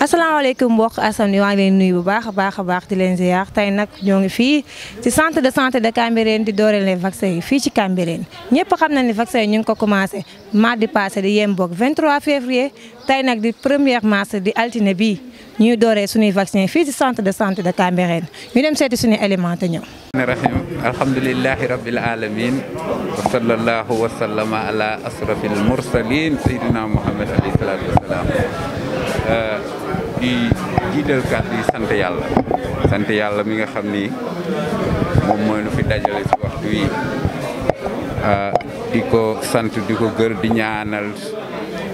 asalaamaaleykum mbokk asam ni waa ngi leen nuyu bu baakha baakha baax di len ziar tay nak ñoo ngi fi ci centre de santé de Cambérène di dooreel les vaccins fi ci Cambérène ñëpp xam nañ ni vaccin ñu ngi ko commencé mardi passé di yem boog 23 février tay nak di première mars di altine bi ñu dooree suñu vaccin fi ci centre de santé de Cambérène ñu dem seeti suñu élément ñoo rahim alhamdulilahi rabbil alamin wa sallallahu wa sallama ala asrafil mursalin sayyidina muhammad alayhi salatu wasalam di jiital kàddu yi sant yàlla sant yàlla mi nga xam ni moom mooy fi dajale ci waxtu wi ah, di ko sant di ko gër di ñaanal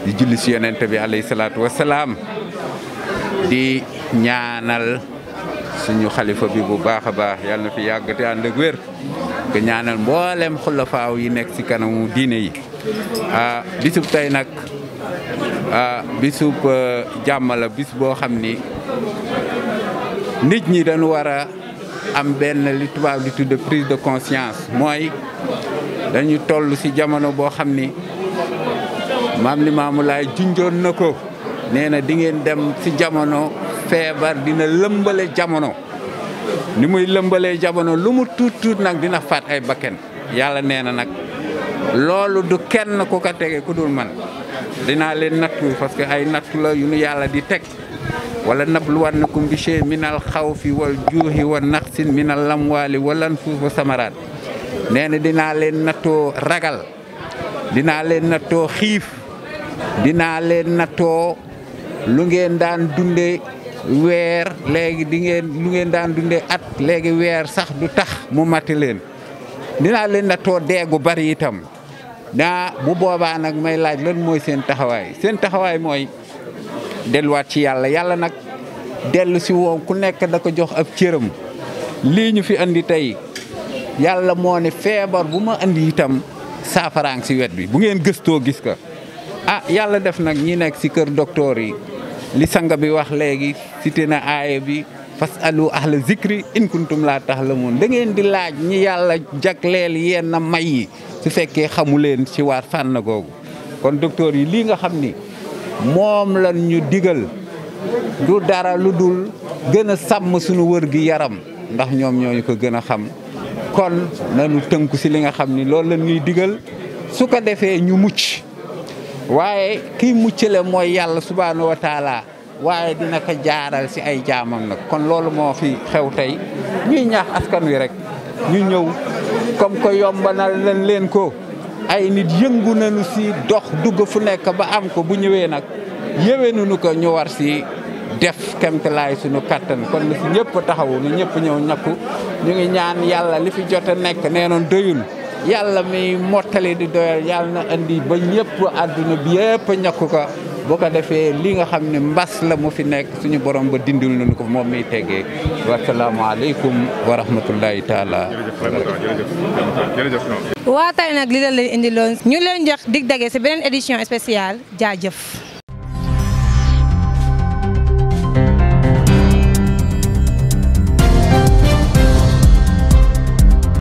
di julli ci yonent bi alayhi salaatu wasalaam di ñaanal suñu xalifa bi bu baax a baax yàlla na fi yàgg te ak wér ko ñaanal mboolem xulafaaw yi ci kanamu diine yi ah, bisub Ah, bisub uh, jàmm la bis boo xam ni nit ñi dañu war a am benn li tubaab di tudde prise de conscience mooy dañu toll ci jamono boo xam ni mam li maamu laay junjoon na ko nee na di dem ci jamono feebar dina lëmbale jamono ni muy lëmbale jamono lu mu tuut tuut nag dina faat ay bakken yàlla nee na nag loolu du kenn ku ko tege ku dul man dinaa leen nattu parce que ay nattu la yu nu yàlla di teg wala nabluwannakum bi shay minal xawfi wal juuxi wa naqsin minal lamwaali wal anfuus wa samaraat nee na dinaa leen nattoo ragal dinaa leen nattoo xiif dinaa leen nattoo lu ngeen daan dunde weer léegi dingeen lu ngeen daan dunde at léegi weer sax du tax mu mati leen dinaa leen nattoo deegu bari itam daa bu boobaa nag may laaj lan mooy seen taxawaay seen taxawaay mooy delluwaat ci yàlla yàlla nag dellu si woon ku nekk da ko jox ab cëram lii ñu fi andi tey yàlla moo ne feebar bu ma indi itam saafaraang si wet bi bu ngeen gëstoo gis ko ah yàlla def nag ñi nekk si kër docteur yi li sanga bi wax léegi cité na aaya bi fas alu ahla zikri in kuntum laa tax la moon da di laaj ñi yàlla jagleel na may yi su fekkee xamu leen ci waat fànn googu kon docteur yi lii nga xam ni moom lan ñu digal du dara lu dul gën a sàmm suñu wër gi yaram ndax ñoom ñooñu ko gën a xam kon nañu tënku si li nga xam ni loolu la ñuy digal su ko defee ñu mucc waaye kiy muccale mooy yàlla subhaanahu wa waaye dina ko jaaral si ay jaamam nag kon loolu moo fi xew tey ñuy ñaax askan wi rek ñu ñëw comme que yombanal leen leen ko ay nit yëngu nañu si dox dugg fu nekk ba am ko bu ñëwee nag yéwénuñu ko ñu war si def kemtalaay suñu kattan kon li fi ñëpp taxawu nu ñëpp ñëw ñakku ñu ngi ñaan yàlla li fi jot a nekk nee noon doyul yàlla mi mottali di doyal yàlla na indi ba ñëpp àdduna bi yëpp ñakku ko boo ko defee li nga xam ne mbas la mu fi nekk suñu borom ba dindil nañu ko moom mi teggee wasalaamaaleykum wa rahmatullahi taala waa tey nag li la leen indiloon ñu leen jox dig dage si beneen édition spéciale jaajëf